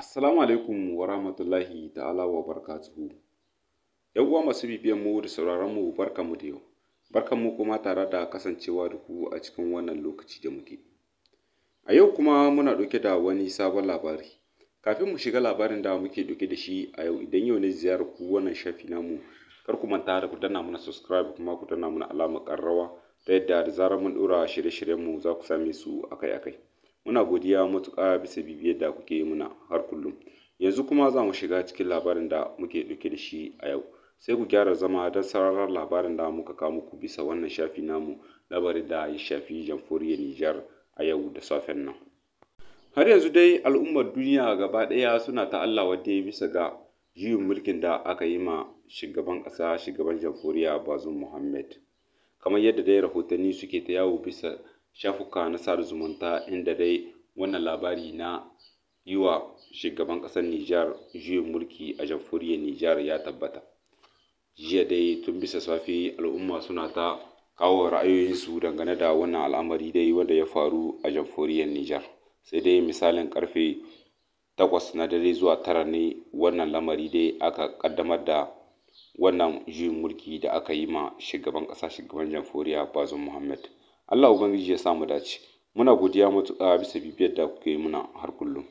Assalamu alaikum wa rahmatullahi ta'ala wa barakatuhu. ‘Yan uwa masu bibiyan mu da sauraron mu barka mu da yau. Barkan mu kuma tare da kasancewa da ku a cikin wannan lokaci da muke. A yau kuma muna ɗauke da wani sabon labari. Kafin mu shiga labarin da muke ɗauke da shi a yau idan yau ne ziyarar ku wannan shafi namu kar ku manta da ku danna mana subscribe kuma ku danna mana alamar ƙarrawa ta yadda da zarar mun ɗora shirye-shiryen mu za ku same su akai-akai. Muna godiya matuƙa bisa bibiyar da kuke yi muna har kullum. Yanzu kuma za mu shiga cikin labarin da muke ɗauke da shi a yau. Sai ku gyara zama don sauraron labarin da muka kawo muku bisa wannan shafi namu labarin da ya shafi jamhuriyar Nijar a yau da safen nan. Har yanzu dai al'ummar duniya gaba ɗaya suna ta Allah wadda bisa ga juyin mulkin da aka yi ma shugaban ƙasa shugaban jamhuriya Bazoum Mohammed. Kamar yadda dai rahotanni suke ta yawo bisa shafuka na sada zumunta inda dai wannan labari na yi wa shugaban ƙasar Nijar juyin mulki a jamhuriyar Nijar ya tabbata. Jiya dai tun bisa safe al'umma suna ta kawo ra'ayoyinsu dangane da wannan al'amari dai wanda ya faru a jamhuriyar Nijar. Sai dai misalin karfe takwas na dare zuwa tara ne wannan lamari dai aka kaddamar da wannan juyin mulki da aka yi ma shugaban ƙasa shugaban jamhuriya bazon Muhammad. Allah Ubangiji ya samu dace. Muna godiya matuƙa bisa bibiyar da kuke yi muna har kullum.